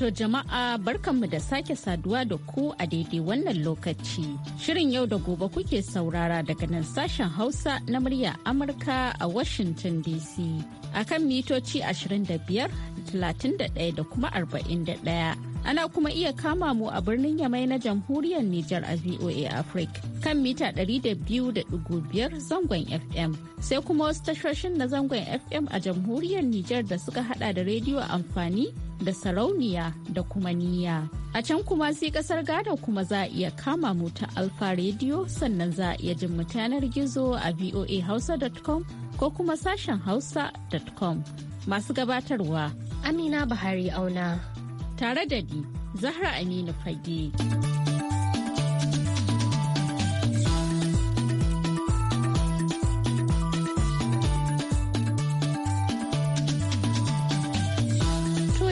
To jama'a barkanmu da sake saduwa da ku a daidai wannan lokaci. Shirin yau da gobe kuke saurara daga nan sashen Hausa na murya Amurka a Washington DC. akan mitoci 25, 31 da kuma 41. Ana kuma iya kama mu a birnin Yamai na jamhuriyar Nijar a VOA Africa kan mita 200.5 zangon FM. Sai kuma wasu tashoshin na zangon FM a jamhuriyar Nijar da suka hada da rediyo amfani da sarauniya da kuma niyya. A can kuma sai kasar gada kuma za a iya kama mu ta Alfa rediyo sannan za a iya jin mu gizo a voahausa.com ko kuma sashen hausa.com. Masu gabatarwa Amina Bahari Auna. tare da ni Zahra Aminu Fage.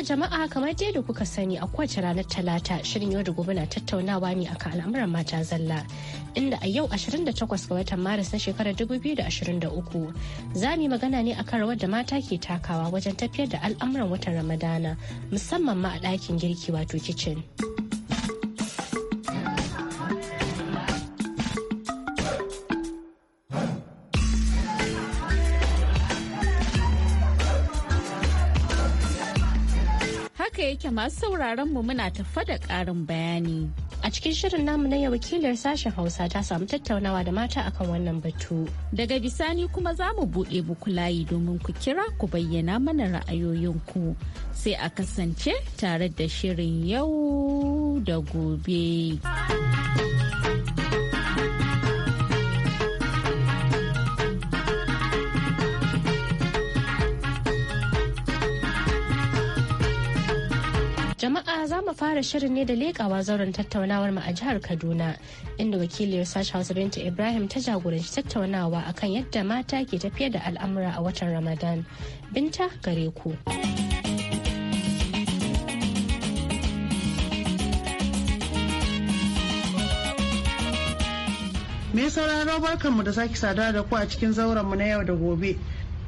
jama'a kamar dai da kuka sani a kowace ranar talata shirin yau da gobe na tattaunawa ne akan al'amuran mata zalla inda a yau 28 ga watan maris na shekarar 2023 za mu yi magana ne akan rawar da mata ke takawa wajen tafiyar da al'amuran watan ramadana musamman ma a ɗakin girki wato kicin. haka yake masu sauraron mu muna tafa da ƙarin bayani. A cikin shirin namu na yau wakilar sashen Hausa ta samu tattaunawa da mata akan wannan batu. Daga bisani kuma za mu buɗe muku layi domin ku kira ku bayyana mana ra'ayoyinku. Sai a kasance tare da shirin yau da gobe. Jama'a za mu fara shirin ne da lekawa zauren tattaunawar mu a jihar Kaduna inda wakiliyar Sasha Hausa Binta Ibrahim ta jagoranci tattaunawa akan yadda mata ke tafiyar da al'amura a watan Ramadan. Binta gare ku. Me sauraro mu da sake sada da ku a cikin zauren mu na yau da gobe.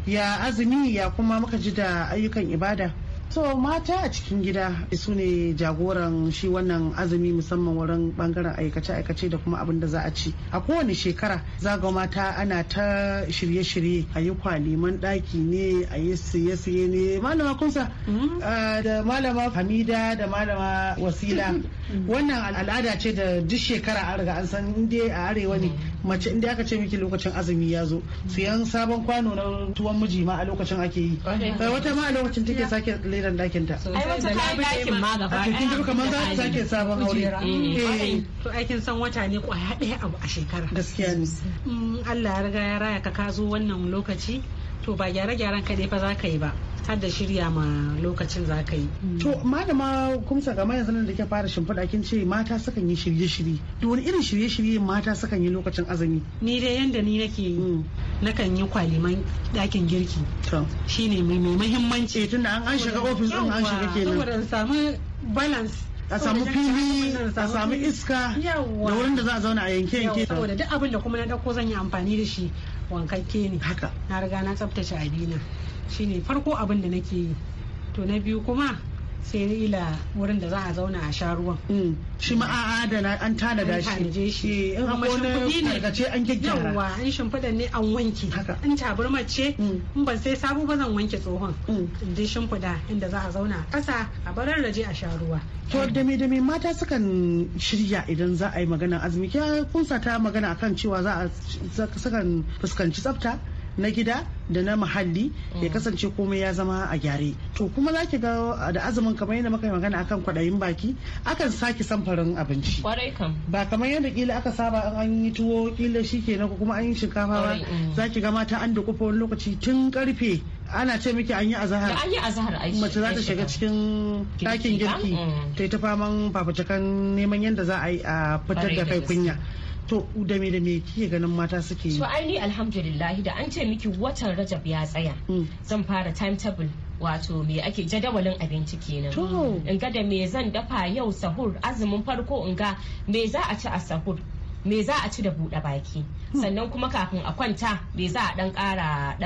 Ya azumi ya kuma muka ji da ayyukan ibada. so mata a cikin gida su ne jagoran shi wannan azumi musamman wurin bangaren aikace-aikace da kuma abin da za a ci a kowane shekara zaga mata ana ta shirye-shirye a yi kwaliman daki ne a yi siye-siye ne malama kunsa mm-hmm. da malama hamida da malama wasila wannan al'ada ce da duk shekara an riga an san inda a arewa ne mm-hmm. mace inda aka ce miki lokacin azumi ya zo siyan sabon kwano na tuwon miji ma a lokacin ake yi wata ma a lokacin take sake irin dakin ta ai wata ta dakin ma gaba daya kin kamar za ta sake sabon aure eh, eh. eh. to aikin san wata ne kwaya ɗaya a shekara gaskiya ne mm, Allah ya riga ya raya ka ka zo wannan lokaci to ba gyare-gyaren kaɗai fa za ka yi ba har da shirya ma lokacin za ka yi. To malama kumsa mayan yanzu da ke fara shimfiɗa kin ce mata sukan yi shirye-shirye. Da wani irin shirye-shirye mata sukan yi lokacin azumi? Ni dai yanda ni nake yi mm. nakan yi kwaliman ɗakin girki. Shi ne mai muhimmanci. Eh, tunda an shiga ofis ɗin an shiga kenan. balance a samu fili a samu iska da wurin da za a zauna a yanke yanke saboda duk abin da kuma na dauko zan yi amfani da shi wankakke ne haka na riga na tsaftace abina shine farko abin da nake yi to na biyu kuma sai ila wurin da za a zauna a sha ruwan. Mm. Shi ma da na an tanada shi. An shi. Eh, in kuma kuɗi ne. Tarkace an gyaggyara. Yawwa in shimfiɗa ne an wanke. Haka. In tabarma ce. Mm. In ban sai sabu ba zan wanke tsohon. Mm. In je shimfiɗa inda za a zauna a ƙasa a barar raje a sha ruwa. To da me da me mata sukan shirya idan za a yi magana azumi. Kya kunsa ta magana akan cewa za a sukan fuskanci tsafta. na gida da na muhalli ya mm. kasance komai ya zama a gyare to kuma zaki ga uh, da azumin kamar yadda muka yi magana akan kwaɗayin baki akan sake samfarin abinci ba kamar yadda kila aka saba an yi tuwo kila shi kenan ko kuma an yi shinkafa ba mm. za ki ga mata an da kufa wani lokaci tun karfe ana ce miki an yi azahar an yi azahar mace za ta shiga cikin ɗakin girki mm. ta yi ta faman fafutukan neman yadda za a yi a fitar da kai kunya to da me da me kike ganin mata suke yi to aini alhamdulillah da an ce miki watan rajab ya tsaya hmm. zan fara timetable wato me ake jadawalin abinci kenan in ga da me zan dafa yau sahur azumin farko in ga me za a ci a sahur me za a ci da buɗe baki sannan kuma kafin a kwanta bai za a dan kara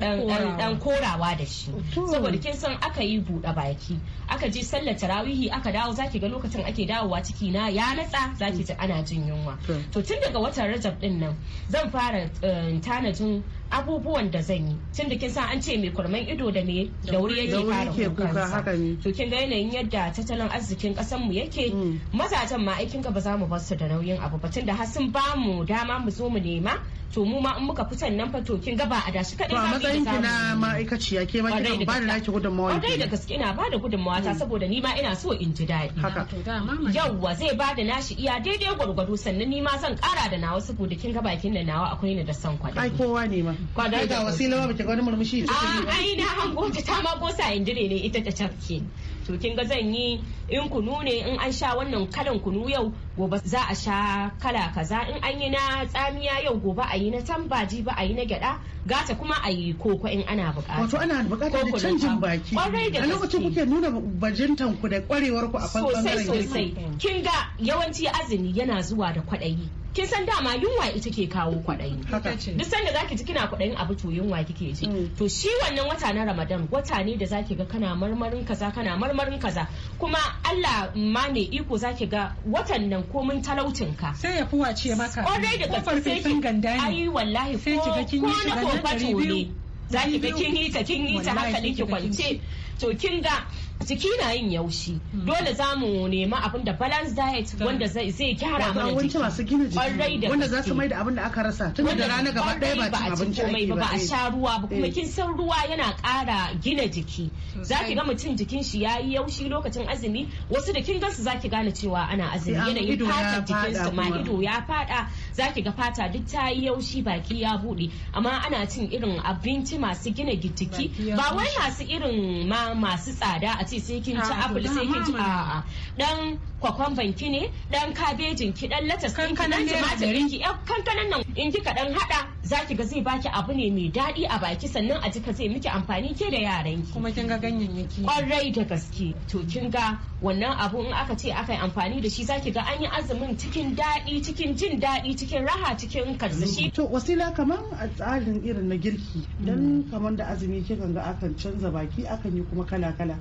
dan korawa da shi saboda kin san aka yi buɗe baki aka je sallar tarawihi aka dawo zaki ga lokacin ake dawowa ciki na ya natsa zaki ji ana jin yunwa to tun daga watan rajab din nan zan fara eh, tanajin abubuwan da zan yi tun da kin san an ce mai kurman ido da me da wuri yake fara kuka to kin ga yanayin yadda tattalin arzikin kasan mu yake mm. mazajen ma aikin ka ba za mu bar su da nauyin abu ba tun da har sun ba mu dama mu zo mu nema to mu ma in muka fitan nan fa to kin ga ba a dashi kadai ba matsayin ki na ma'aikaciya ke ma kin ba da naki gudunmawa dai da gaske ina ba da gudunmawa ta hmm. saboda ni ma ina so in ji dadi haka yawwa zai ba da nashi iya daidai gwargwado sannan ni ma zan kara da nawa saboda kin ga kin da nawa akwai ni da san kwaɗi ai kowa ne ma kwaɗi da wasila ba ki ga wani murmushi a ai na hango ta ma ko sa indire ne ita ta tafke to kin ga zan yi in kunu ne in an sha wannan kalan kunu yau gobe za a sha kala kaza in an yi na tsamiya yau gobe a yi na tambaji ba a yi na gyada gata kuma a yi koko in ana bukata wato ana bukata da canjin baki a lokacin kuke nuna bajintan ku da kwarewar ku a fannin sosai sosai kin ga yawanci azumi yana zuwa da kwadayi kin san dama yunwa ita ke kawo kwaɗayi duk sanda zaki ji kina kwaɗayin abu to yunwa kike ji mm. to shi wannan wata na ramadan wata ne da zaki ga kana marmarin kaza kana marmarin kaza kuma Allah ma mai iko zaki ga watan nan ko mun talautin ka sai ya fi wace maka kwarai da gaske sai ki ganda ne ai wallahi ko na kofato ne za ki ga kin yi ta kin yi ta hankalin ki kwance to kin ga jiki na yin yaushi hmm. dole za mu nemi abin da balance diet wanda zai kyara mana jiki masu gina jiki wanda za su mai da abin da aka rasa tun da rana gaba ɗaya ba cin abinci ake ba ba a sha ruwa ba kuma eh. kin san ruwa yana kara gina jiki za ki ga mutum jikin shi yayi yaushi lokacin azumi wasu da kin gansu za ki gane cewa ana azumi yanayin fata jikin ma ido ya fada za ki ga fata duk ta yi yaushi baki ya buɗe amma ana cin irin abinci masu gina gitiki ba wai masu irin ma masu tsada a ce sai kin ci apple sai kin ci a'a dan kwakwamban ki ne dan kabejin ki dan latas ki dan majarin ki eh, kankanan nan in kika dan hada zaki ga zai baki abu ne mai daɗi a baki sannan a jika zai miki amfani ke da yaran ki kuma kin ga ganyayyaki kwarai da gaske to kin ga wannan abu in aka ce aka yi amfani da shi zaki ga an yi azumin cikin daɗi cikin jin daɗi cikin raha cikin karsashi to wasila kaman a tsarin irin na girki dan mm. kaman da azumi kikan ga akan canza baki akan yi kuma kala kala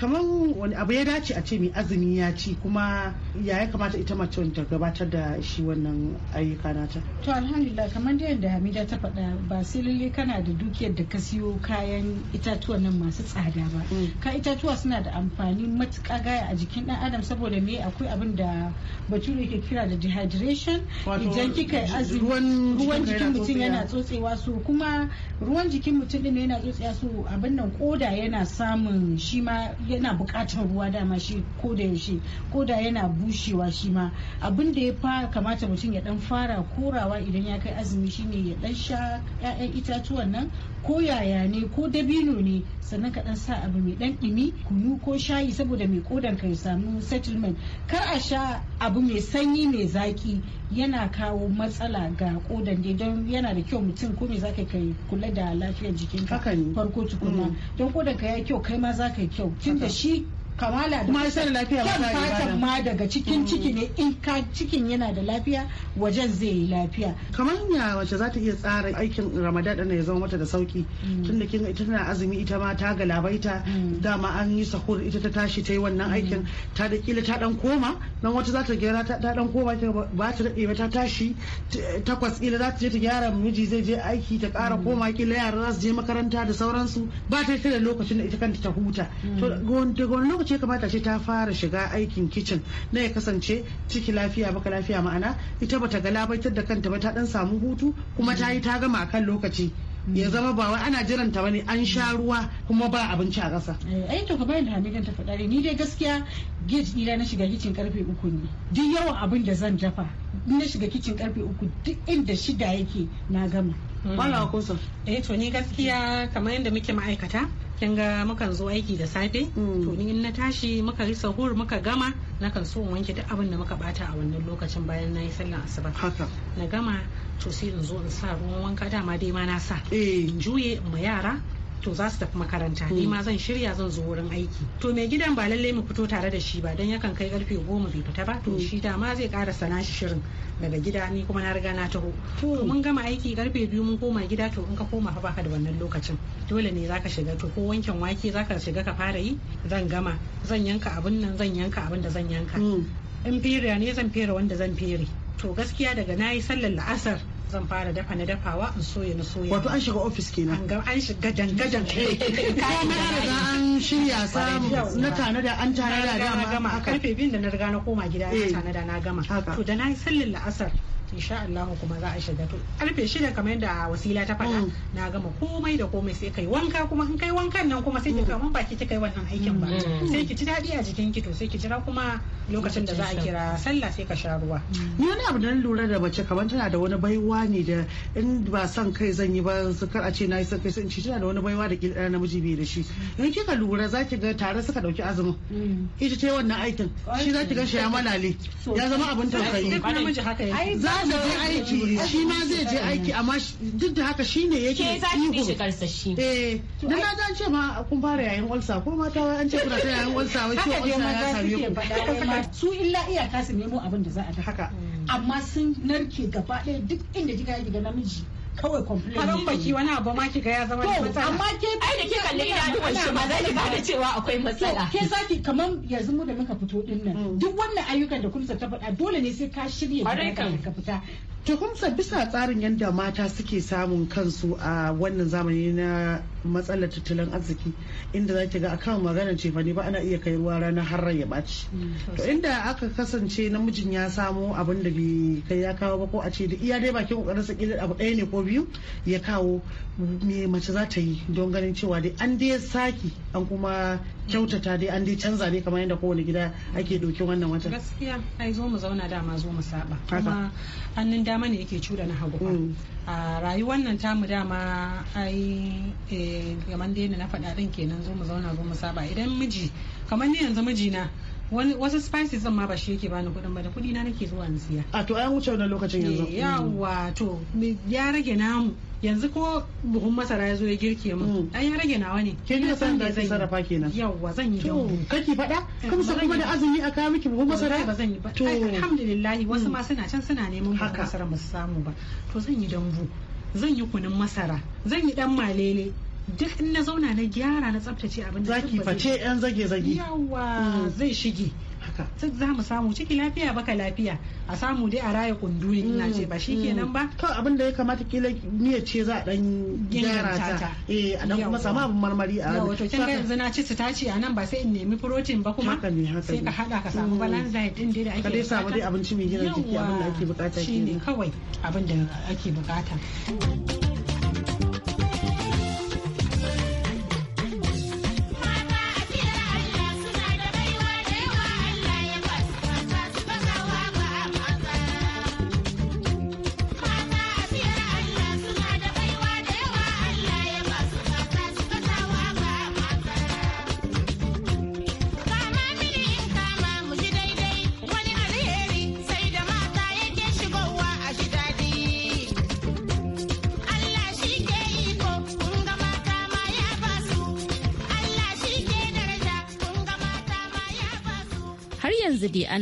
kaman wani abu ya dace a ce mai azumi ya ci kuma ya ya kamata ita mace ta gabatar da shi wannan ayyuka nata to alhamdulillah kamar da yadda hamida ta faɗa ba sai lalle kana da dukiyar da ka siyo kayan itatuwa nan masu tsada ba mm. ka itatuwa suna da amfani matuƙa gaya a jikin ɗan adam saboda me akwai abin da bature ke kira da dehydration idan kika azumi ruwan jikin mutum yana tsotsewa su kuma ruwan jikin mutum din yana tsotsewa su abin nan koda yana samun shi ma yana buƙatar ruwa dama shi ko da yaushe koda yana bushewa shi ma abin da ya fa kamata mutum ya dan fara korawa idan ya kai azumi shine ya dan sha 'ya'yan itatuwan nan ko yaya ne ko dabino ne sannan ka dan sa abu mai dan dumi kunu ko shayi saboda mai kodan ka ya samu settlement kar a sha abu mai sanyi mai zaki yana kawo matsala ga kodan dai don yana da kyau mutum ko me zaka kai kula da lafiyar jikinka farko tukuna mm. don kodan ka ya kyau kai ma zaka kyau tunda shi kamala da marasa lafiya kyan fatan ma daga cikin mm. ciki ne in ka cikin yana da lafiya wajen zai yi lafiya kamar ya wace za ta iya tsara aikin ramadan din ya zama mata da sauki mm. tunda kin ita tana azumi ita ma ta galabaita mm. dama an yi sahur ita ta tashi ta yi wannan aikin ta da kila ta dan koma nan wata za ta gyara ta dan koma ba ta dade ba ta tashi takwas kila za ta je ta gyara miji zai je aiki ta kara koma kila yara za su je makaranta da sauransu ba ta da lokacin da ita kanta ta huta to wani ce kamata ce ta fara shiga aikin kicin na ya kasance ciki lafiya baka lafiya ma'ana ita bata galabaitar da kanta ba ta dan samu hutu kuma ta yi ta gama akan lokaci ya zama ba wai ana jiran ta bane an sha ruwa kuma ba abinci a ƙasa. ai eh, eh to bayan da hamidan ta faɗa ni dai gaskiya gate ɗina na shiga kicin karfe uku ne duk yawan abin da zan dafa na shiga kicin karfe uku duk inda shida yake na gama wala so. eh to ni gaskiya kamar yadda muke ma'aikata kin ga mukan zo aiki da safe mm. to ni in na tashi muka yi sahur muka gama nakan so in wanke duk abin da muka bata a wannan lokacin bayan na yi sallar asuba haka na gama to sai in zo in sa ruwan wanka dama dai ma na sa eh. in juye in ma yara to za su tafi makaranta ni hmm. ma zan shirya zan zo wurin aiki to mai gidan ba lallai mu fito tare da shi ba dan yakan kai karfe goma bai fita ba to hmm. shi da ma zai kara sana shi shirin daga gida ni kuma na riga na taho to hmm. mun gama aiki karfe biyu mun koma gida to in ka koma fa baka da wannan lokacin dole ne zaka shiga to ko wankin wake zaka shiga ka fara yi zan gama zan yanka abin nan zan yanka abin da zan yanka in fere ne zan fere wanda zan fere to gaskiya daga nayi sallar la'asar zan fara dafa na dafawa in soya na soya wato an shiga ofis kenan an an shiga dangadan eh, kai na an shirya samu na da an dama gama a karfe biyun da na riga na koma gida na eh, da na gama to da na sallin la'asar insha Allah kuma za a shiga to karfe shida kamar yadda wasila ta faɗa mm. na gama komai da komai sai kai wanka kuma in kai wankan nan kuma sai ki mm. kaman baki kika wannan aikin ba mm. sai ki ji daɗi a jikin ki to sai ki jira kuma lokacin da za a kira sallah sai ka sha ruwa ni wani abu da lura da mace kamar tana da wani baiwa ne da in ba son kai zan yi ba su kar a ce na yi son kai sai tana da wani baiwa da kila namiji bai da shi in kika lura za ki ga tare suka dauki azumin ita ce wannan aikin shi za ki ga shi ya malale ya zama abin tausayi za za je aiki shi ma zai je aiki amma duk da haka shi ne yake ihu. Ke eh, na zan ce ma kun fara yayin olsa ko mata an ce kuna ta yayin olsa wai ce olsa ya same ku. Su illa iya su nemo abin da za a ta haka. Amma sun narke gaba ɗaya duk inda kika yi daga namiji. kawai complain faran baki wani abu ma ga ya zama matsala amma ke ai da ke kalle ya shi ma ba da cewa akwai matsala ke zaki kamar yanzu mu da muka fito din nan mm. duk wannan ayyukan da kulsa ta faɗa dole ne sai ka shirya ka fita Tuhumsa bisa tsarin yadda mata suke samun kansu a wannan zamani na matsalar tattalin arziki inda za ki ga akan magana cefane ba ana iya kai ruwa ranar har ya baci. Mm, to inda aka kasance namijin ya samo abin da bai kai ya kawo ba ko a ce da iya dai bakin kokarin sa kila abu ɗaya ne ko biyu ya kawo me mace za ta yi don ganin cewa dai an dai saki an kuma kyautata dai an dai canza ne kamar yadda kowane gida ake ɗauki wannan watan gaskiya ai zo mu zauna dama zo mu saba kuma hannun dama ne yake cuda na hagu mm. a rayuwar nan tamu dama ai eh, kamar da na faɗa ɗin kenan zo mu zauna zo mu saba idan miji kamar ni yanzu mijina wasu spices ma ba shi yake bani kuɗin ba da kuɗi na nake zuwa na siya a to an wuce wannan lokacin yanzu eh, yawa to ya rage namu yanzu ko buhun masara ya zo ya girke mu mm. ai ya rage nawa ne ke kika san da zai sarrafa kenan yawa zan yi to kake faɗa eh, kuma sai kuma da azumi a kawo miki buhun masara ba zan yi ba alhamdulillah wasu mm. ma suna can suna neman buhun masara ba su samu ba to zan yi dambu zan yi kunun masara zan yi dan malele duk in na zauna na gyara na tsaftace abin da zaki face yan zage zage yawa mm. zai shige haka duk za mu samu ciki lafiya baka lafiya a samu dai a raya ne ina ce ba shi mm, mm. kenan ba kawai abin da ya kamata kila niyyar ce za a dan gyara ta eh a dan kuma samu abin marmari a to kin ga yanzu na ci sitaci a nan ba sai in nemi protein ba kuma sai ka hada ka samu mm. balance diet din da ake ka dai samu dai abinci mai gina jiki abin da ake bukata shine kawai abin da ake bukata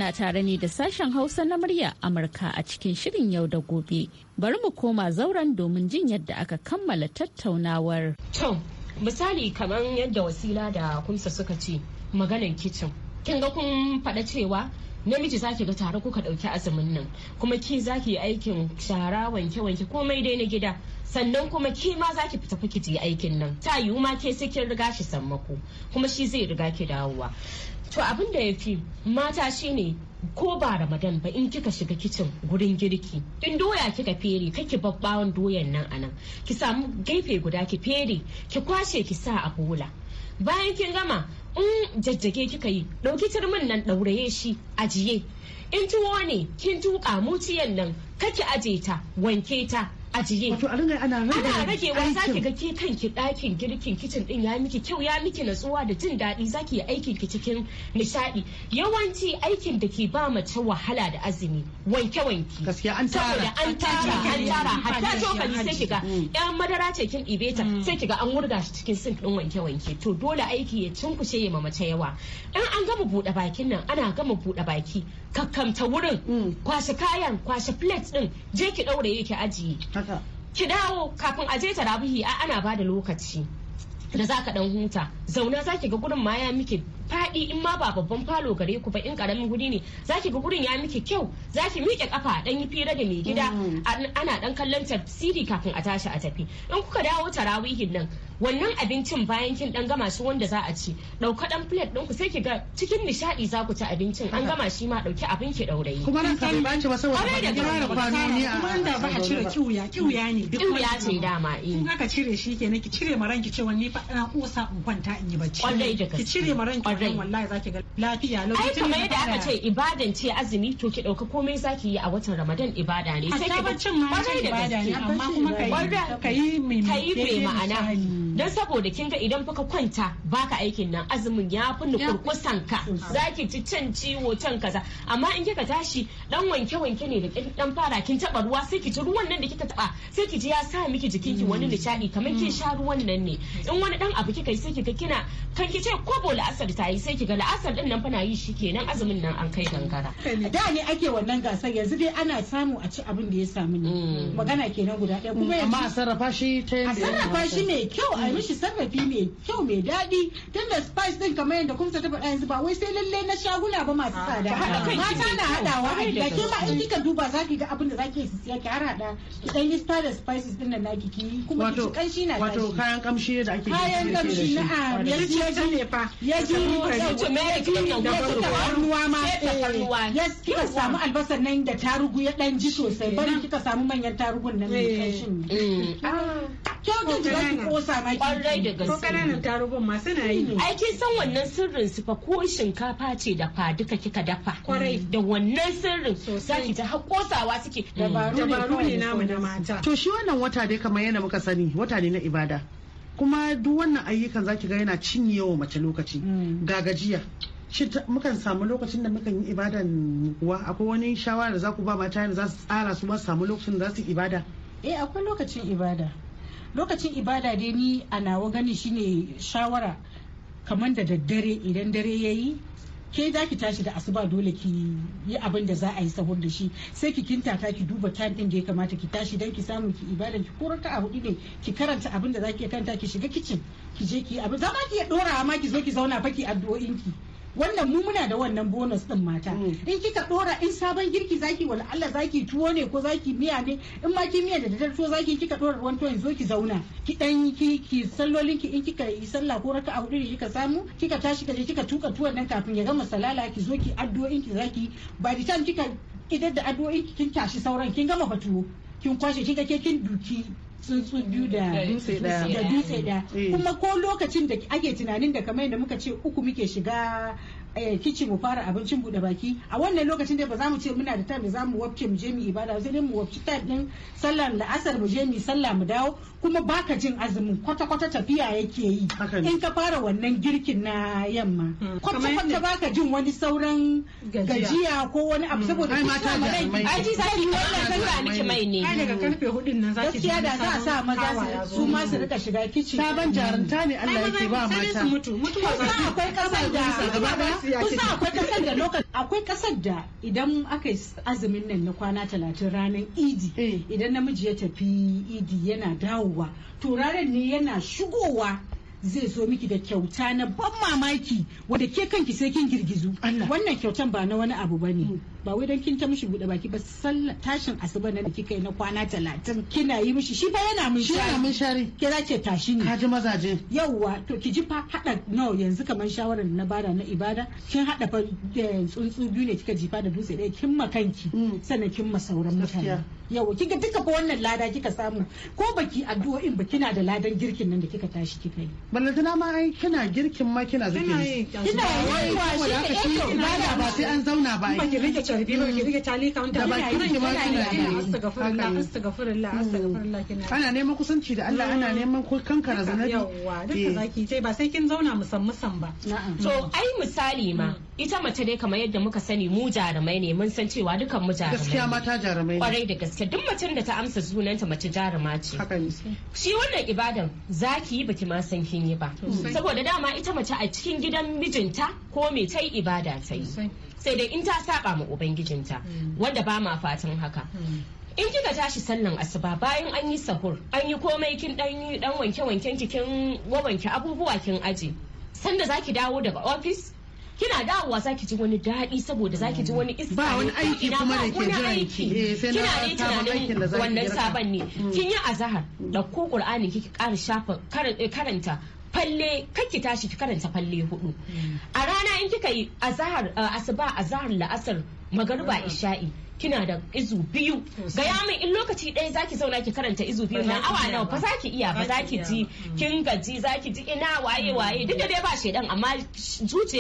Ana tare ne da sashen Hausa na murya Amurka a cikin shirin yau da gobe. Bari mu koma zauren domin jin yadda aka kammala tattaunawar. To, misali kamar yadda wasila da kunsa suka ce maganan kicin. Kin ga kun faɗa cewa namiji zaki ga tare kuka dauki azumin nan kuma ki zaki yi aikin shara wanke wanke komai dai na gida sannan kuma ki ma zaki fita fiki ki aikin nan ta yiwu ma ke sai riga shi sammako kuma shi zai riga ki dawowa to abin da yafi mata shine ko ba ramadan ba in kika shiga kicin gurin girki in doya kika fere kake babbawan doyan nan anan ki samu gefe guda ki fere ki kwashe ki sa a bola bayan kin gama in jajjage kika yi ɗauki turmin nan ɗauraye shi ajiye in tuwo ne kin tuƙa muciyan nan kake aje ta wanke ta ajiye ana rage wa zaki ga ke kanki ɗakin girkin kicin ɗin ya miki kyau ya miki natsuwa da jin daɗi zaki yi aikin ki cikin nishaɗi yawanci aikin da ke ba mace wahala da azumi wanke wanke saboda an tara cokali sai kiga yan madara ce kin ɗibe ta mm. sai kiga an wurga shi cikin sink ɗin wanke wanke to dole aiki ya cinkushe ya mace yawa in an gama buɗe bakin nan ana gama buɗe baki kakkamta wurin mm. kwashe kayan kwashe plate ɗin je ki ɗaure ki ajiye ki dawo kafin a je tarabihi ana bada lokaci da za ka dan huta zauna za ki ga gurin ma ya miki faɗi in ma ba babban falo gare ku ba in karamin guri ne zaki ga gurin ya miki kyau zaki miƙe kafa dan yi fira da mai gida mm. ana dan kallon tafsiri kafin a tashi a tafi in kuka dawo tarawihin nan wannan abincin bayan kin dan gama shi wanda za a ci dauka dan plate ku sai ki ga cikin nishadi za ku ci abincin an gama shi ma dauki abin ki daurayi kuma ran ka ba ci ba saboda da kwano ne a kuma da ba a cire kiwuya kiwuya ne duk kiwuya ce dama eh in ka cire shi kenan ki cire maran ki cewa ni fa ina kosa in kwanta in yi bacci ki cire maran ki rai wallahi zaki ga lafiya lokacin kamar yadda aka ce ibadan ce azumi to ki dauka komai zaki yi a watan Ramadan ibada ne sai ki bacin ma ibada ne amma kuma kai kai mai ma'ana don saboda kin ga idan baka kwanta baka aikin nan azumin ya fi ni kurkusan ka zaki ci can ciwo can kaza amma in kika tashi dan wanke wanke ne da dan fara kin taba ruwa sai ki ci ruwan nan da kika taba sai ki ji ya sa miki jikin ki mm. wani nishadi kamar kin sha ruwan nan ne in wani dan abu kika yi sai kika kina kan ki ce kobo la'asar ta yi sai ki ga la'asar din nan fana yi shi kenan azumin nan an kai gangara da ne ake wannan gasar yanzu dai ana samu a ci abin da ya samu ne mm. magana kenan guda ɗaya kuma amma a sarrafa shi ta yadda a sarrafa shi mai kyau a a mishi sarrafi mai kyau mai daɗi tun da spice din kamar yadda kuma ta faɗa yanzu ba wai sai lalle na shagula ba masu tsada mata na haɗawa a gida ke ma in kika duba za ki ga abin da za ki su siya ki har haɗa ki ɗan yi da spices din da naki ki kuma ki ci kanshi na wato kayan kamshi da ake kayan kamshi na a ah, ya ji ya ji ne fa ya ji ya ji ya ji da ruwa ma ya eh, kika samu albasar nan da tarugu ya ɗan ji sosai bari kika samu manyan tarugun nan mai kanshin eh. mm. ah. kyau kin ji za ki kosa ma kwarai da gaske ko kananan ma suna yi Aiki san wannan sirrin su fa ko shinkafa ce da fa duka kika dafa kwarai da wannan sirrin sosai ta hakosawa suke mm. dabaru ne namu na mata to shi wannan wata dai kamar yana muka sani wata ne na ibada kuma duk wannan ayyukan zaki ga yana cinye wa mace lokaci mm. ga gajiya shin mukan samu lokacin da mukan yi ibadan kuwa akwai wani shawara da za ku ba mata yadda za su tsara su ba samu lokacin da za su ibada eh akwai lokacin ibada lokacin ibada dai ni a nawa gani shine shawara kamar da daddare idan dare ya yi. ke za ki tashi da asuba dole ki yi abin da za a yi sahur da shi sai ki kintata ki duba time din da ya kamata ki tashi dan ki samu ki ibadan ki kura a hudu ne ki karanta abin da za ki kanta ki shiga kicin ki je ki abin za ma ki dora ma ki zo ki zauna fa ki addu'o'in ki wannan mu muna da wannan bonus din mata mm. in kika dora in sabon girki zaki wala Allah zaki tuwo ne ko zaki miya ne in ma ki miya da dadar tuwo zaki kika dora ruwan tuwo zo ki zauna ki dan ki ki sallolin ki in kika yi sallah ko raka'a hudu ne kika samu kika tashi kaje kika tuka tuwon nan kafin ya gama salala ki zo ki addu'o'in ki zaki by the time kika kidar da addu'o'in kin tashi sauran kin gama fatuwo kin kwashe kika ke kin duki tsuntsu biyu da mm. dutse da eh. kuma ko lokacin da ake tunanin da kamar yadda muka ce uku muke shiga eh, kicin mu fara abincin bude baki a wannan lokacin dai ba za mu ce muna da time da za mu wabce mu je mu ibada sai dai mu wabci time din sallar la'asar mu je mu sallah mu dawo kuma baka jin azumin kwata-kwata tafiya yake yi in ka fara wannan girkin na yamma hmm. kwata-kwata baka jin wani sauran gajiya ko wani abu hmm. saboda kusa malai ai ji sai wannan san ga niki mai ne ai daga karfe hudun nan zaki gaskiya da za a sa maza su ma su rika shiga kicin. sabon jarunta ne Allah yake ba mata sai su mutu mutuwa akwai kasar da kusa akwai kasar da lokacin akwai kasar da idan aka yi azumin nan na kwana talatin ranar idi eh. idan namiji ya tafi idi yana dawo shigowa turaren ne yana shigowa zai zo miki da kyauta na ban mamaki wadda ke kanki sai kin girgizu wannan kyautan ba na wani abu bane mm. ba wai dan kin ta mishi bude baki ba sallar tashin asuba nan da kika yi na kwana talatin kina yi mishi shi fa yana mun shari yana mun shari za ke tashi ne kaji mazaje to ki ji fa hada no yanzu kamar shawarar na bada na ibada kin hada fa eh, tsuntsu biyu ne kika jifa da dutse ɗaya kin makanki mm. sannan kin ma sauran mutane yawa kika duka fa wannan lada kika samu ko baki addu'o'in ba kina da ladan girkin nan da kika tashi kika yi da ma ai kina girkin ma kina zaki kina yi wa shi eh, ibada ba sai an zauna ba ba ki rike charbi ba ki rike tali counter ba ki rike ma kina astaghfirullah astaghfirullah astaghfirullah kina ana neman kusanci da Allah ana mm. neman kankara zanabi yawa duka eh. zaki sai ba sai kin zauna musamman ba to ai misali ma mm. ita mace dai kamar yadda muka sani mu jarumai ne mun san cewa dukan mu jarumai gaskiya mata jarumai kwarai da gaske ta duk macen da ta amsa sunanta mace jaruma ce shi wannan ibadan za ki yi baki ma san kin yi ba saboda dama ita mace a cikin gidan mijinta ko me ta yi ibada ta yi sai dai in ta saba ma ubangijinta mm. wanda ba ma fatan haka mm. in kika tashi sallan asuba bayan an yi sahur an yi komai kin dan dan wanke wanken ki kin wanke abubuwa kin aje sanda zaki dawo daga ofis kina dawowa zaki ji wani daɗi saboda zaki ji wani iska ba wani aiki kuma da ke jiran ki eh, kina dai tunanin wannan sabon ne mm. kin yi azahar ko qur'ani kike ƙara shafa eh, karanta falle kake tashi ki karanta falle hudu mm. a rana in kika yi azahar eh, asuba azahar la'asar magariba isha'i kina da izu biyu gaya min in lokaci ɗaya zaki zauna ki karanta izu biyu na awa nawa fa zaki iya ba zaki ji kin hmm. gaji zaki ji ina waye hmm. waye duk da dai ba shedan amma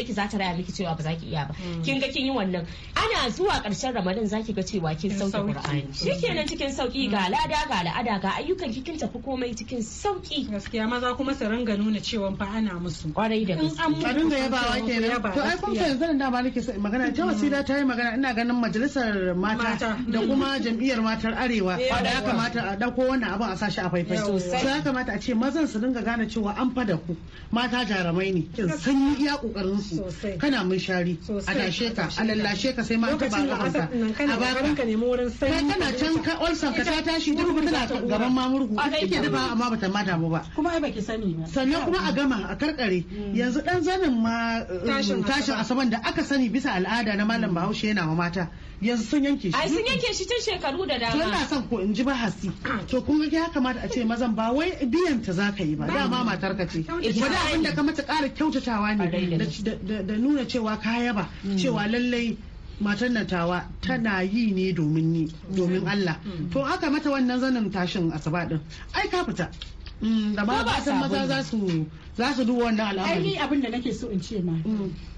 ki za ta raya miki cewa ba zaki iya ba hmm. kin ga kin yi wannan ana zuwa ƙarshen ramadan zaki ga cewa kin sauke qur'ani shikenan cikin sauki ga lada ga al'ada ga ayyukan ki kin tafi komai cikin sauki gaskiya maza kuma su ringa nuna cewa fa ana musu kwarai da gaske an ringa yabawa kenan to ai kun san yanzu da ba nake magana ta wasila ta yi magana ina ganin majalisar mata da kuma jam'iyyar matar arewa da ya kamata a dauko wannan abin a sashi a faifai sosai ya kamata a ce mazan su dinga gane cewa an fada ku mata jarumai ne sun yi iya kokarin su kana mun shari a da ka a lallashe ka sai ma ka ba ka a ba ka ka kana can ka olsan ka ta tashi duk ba tana gaban mamurku ake dafa amma ta ma damu ba kuma ai baki sani ba sannan kuma a gama a karkare hmm. yanzu dan zanin ma tashin um, asaban da aka sani bisa al'ada na malam Bahaushe yana wa mata yanzu sun yanke shi ai sun yanke shi tun shekaru da dama yana son ko in ji bahasi to kun ga ya kamata a ce mazan ba wai biyan ta zaka yi ba dama matar ka ce Wani abin da ka mata ƙara kyautatawa ne da nuna cewa ka yaba mm. cewa lallai matar nan tawa tana yi ne domin ni domin mm. Allah mm. to aka mata wannan zanin tashin asaba din ai ka fita da ma ba san maza za su za su duba wannan al'amari ai ni abin da nake so in ce ma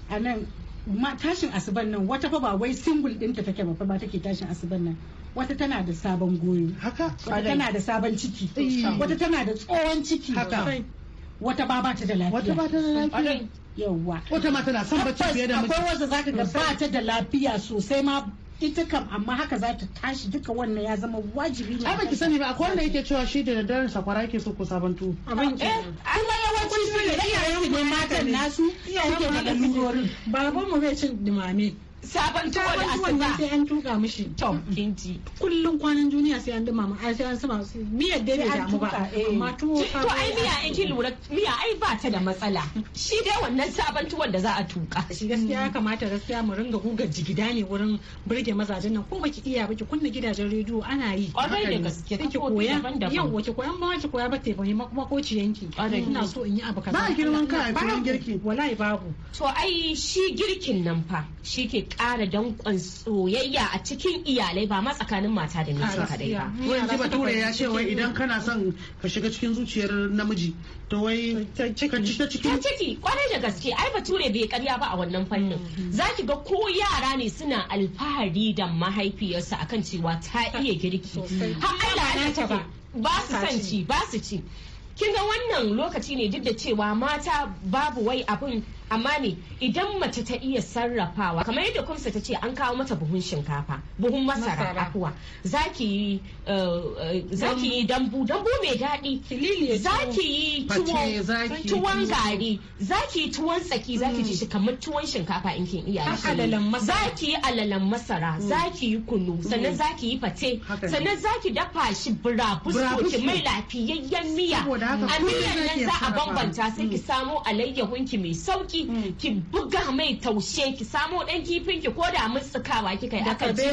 a nan tashin asuban nan wata fa ba wai single ɗinta take ba ba take tashin asuban nan wata tana da sabon goyo wata tana da sabon ciki wata tana da tsohon ciki wata ba ba ta da lafiya wata ba ta da lafiya yawwa wata ma tana son bacci fiye da mutum akwai wanda zaka ga ba ta da lafiya sosai ma ita kam amma haka za ta tashi duka wannan ya zama wajibi ne. abin ki sani ba akwai wanda yake cewa shi da daddare sakwara yake so ku sabantu. Abin ke. Eh, kuma yawanci su da iyayen matan nasu suke da lalurorin. Baban mu bai cin dumame. sabon tuwa da asuba sai an tuka mishi tom. kinji kullum kwanan duniya sai an dama mu sai an sama miya dai bai damu ba eh. amma tuwo to ai miya in ki lura miya ai ba ta da matsala shi dai wannan sabon tuwa da za a tuka shi gaskiya kamata gaskiya mu ringa guga jigida ne wurin burge mazajen nan ko baki iya baki kunna gidajen rediyo ana yi kwarai da gaske daban koya yau wace koyan ba wace koya ba ta fahimta kuma ko yanki ina so in yi abu kaza ba girman kai cikin girki wallahi babu to ai shi girkin nan fa shi ke ƙara danƙon soyayya a cikin iyalai ba ma tsakanin mata da miji kadai ba. Wai ji bature ya ce wai idan kana son ka shiga cikin zuciyar namiji to wai ta ciki kwarai da gaske ai bature bai karya ba a wannan fannin. Mm-hmm. za ki ga ko yara ne suna alfahari da mahaifiyarsa akan cewa ta iya girki. Har Allah ya ba. Ba su san ci ba su ci. Kin ga wannan lokaci ne duk da cewa mata babu wai abin amma ne idan mace ta iya sarrafawa kamar yadda kumsa ta ce an kawo mata buhun shinkafa buhun masara akuwa zaki yi eh, eh, yi dambu dambu mai daɗi zaki yi tuwon gari zaki yi tuwon tsaki zaki ji mm. shi kamar tuwon shinkafa in kin iya zaki yi alalan masara mm. zaki yi kunu sannan mm. zaki yi fate sannan zaki dafa shi burabus ki mai lafiyayyen miya a miyan nan za a bambanta sai ki samo alayyahunki mai sauki ki mm. ki buga mai taushe ki samo dan kifin ki ko da mutsikawa kika yi aka ji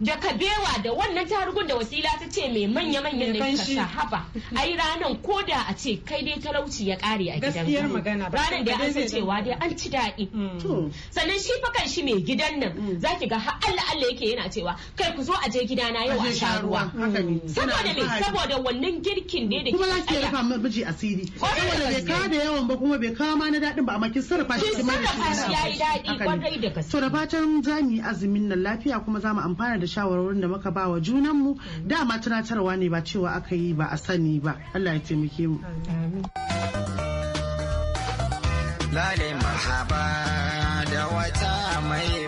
da kabewa da wannan tarugun da wasila ta ce mai manya manyan da kika sa haba ai ranan ko da a ce kai dai talauci ya kare a gidan magana ranan da an cewa dai an ci daɗi mm. sannan shi fa kan shi mai gidan nan mm. zaki ga har Allah Allah yake yana cewa kai ku zo a je gidana yau a sha ruwa saboda me saboda wannan girkin ne da kuma zaki rufa miji asiri saboda bai ka da yawan ba kuma bai kama na daɗin ba amma kin sarrafa sarrafa shi ya yi daɗi kwarai da gaske to da fatan za mu yi azumin nan lafiya kuma za mu amfana da shawarwarin da muka ba wa junanmu dama tunatarwa ne ba cewa aka yi ba a sani ba Allah ya taimake mu lale mahaba da wata mai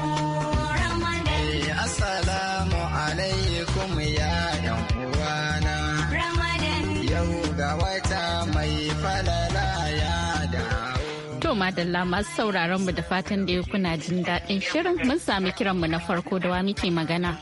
madalla masu sauraron mu da fatan da kuna jin daɗin shirin mun sami mu na farko da wa muke magana.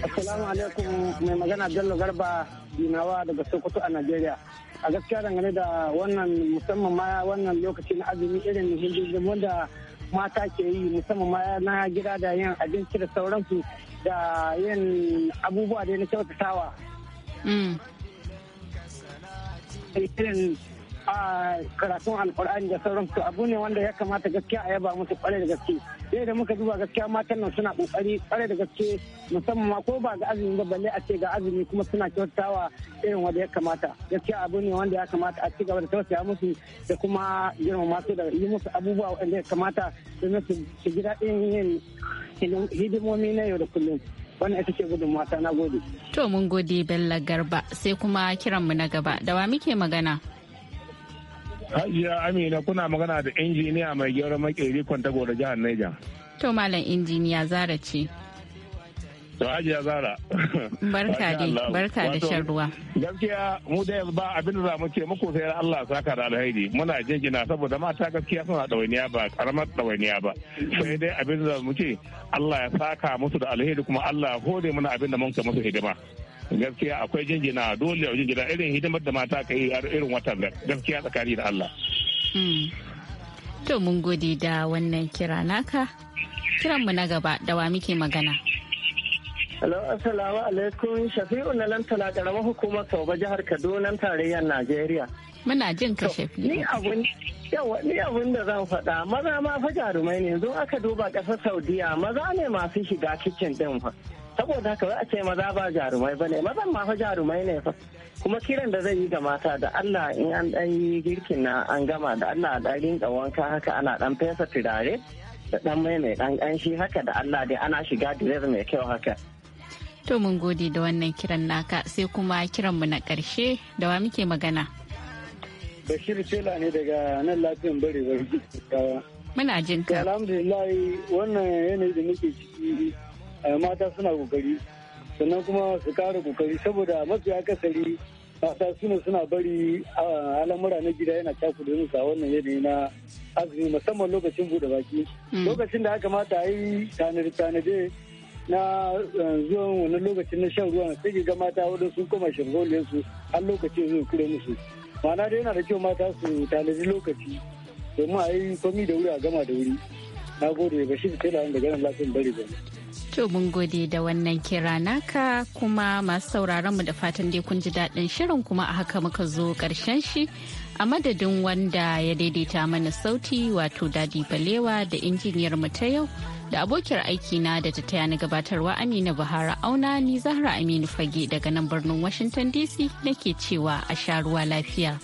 Assalamu alaikum mai magana Bello Garba Dinawa daga Sokoto a Najeriya. A gaskiya dangane da wannan musamman ma wannan lokaci na azumi irin hindujin wanda mata ke yi musamman ma na gida da yin abinci da sauransu da yin abubuwa da na kyautatawa. Mm. irin a karatun alkur'ani da sauransu abu ne wanda ya kamata gaskiya a yaba musu kware da gaske sai da muka duba gaskiya matan nan suna kokari kware da gaske musamman ma ko ba ga azumi ba balle a ce ga azumi kuma suna kyautawa irin wanda ya kamata gaskiya abu ne wanda ya kamata a ci gaba da tausaya musu da kuma girma masu da yi musu abubuwa wanda ya kamata domin su ji daɗin yin hidimomi na yau da kullum wannan ita ce gudun mata na gode. To mun gode bella Garba sai kuma kiranmu na gaba da wa muke magana. Hajiya Amina kuna magana da injiniya mai gyaran makeri Kwantago da jihar Niger. To Malam injiniya Zara ce. To Hajiya Zara. Barka dai, barka da shan ruwa. Gaskiya mu da yanzu ba abin da za mu ce muku sai Allah saka da alheri. Muna jingina saboda mata gaskiya suna ɗawainiya ba karamar ɗawainiya ba. Sai dai abin da mu ce Allah ya saka musu da alheri kuma Allah ya hore mana abin da mun ka musu hidima. gaskiya akwai jinjina dole a jinjina irin hidimar da mata ka yi irin watan gaskiya tsakani da Allah. Hmm. To mun gode da wannan kira naka. Kiranmu na gaba da wa muke magana. Hello, Assalamu alaikum Shafi'u na tana karamar hukumar Sauba jihar Kaduna tarayyar Najeriya. Muna jin ka Shafi'u. Ni abun yawa ni abin da zan faɗa maza ma fa jarumai ne yanzu aka duba ƙasar Saudiya maza ne masu shiga kicin din fa. saboda haka za a ce maza ba jarumai ba ne mazan ma fa jarumai ne fa kuma kiran da zai yi ga mata da Allah in an dan yi girkin na an gama da Allah da rinka wanka haka ana dan fesa turare da dan mai mai dan kanshi haka da Allah dai ana shiga dress mai kyau haka to mun gode da wannan kiran naka sai kuma kiran mu na karshe da wa muke magana Bashir Tela ne daga nan lafiyan bare bare muna jinka alhamdulillah wannan yanayi da muke ciki mata suna kokari sannan kuma su kara kokari saboda mafi akasari mata suna suna bari al'amura na gida yana cakudu a wannan yanayi na azumi musamman lokacin bude baki mm. lokacin da aka mata a yi tanade-tanade na eh, zuwan wani lokacin na shan ruwan sai ga mata wadda sun koma shirgoliyar su har lokacin zai kure musu ma'ana dai yana da kyau mata su tanadi lokaci domin a yi komi da wuri a gama da wuri na gode bashir tela da ganin lafiyan bari ba. To mun gode da wannan kira naka kuma masu sauraron mu da fatan dai kun ji daɗin shirin kuma a haka muka zo ƙarshen shi a madadin wanda ya daidaita mana sauti wato dadi balewa da injiniyar mu ta yau da abokiyar aiki na da ta taya na gabatarwa amina bahara auna ni zahra aminu fage daga nan birnin washington dc nake cewa a sha ruwa lafiya.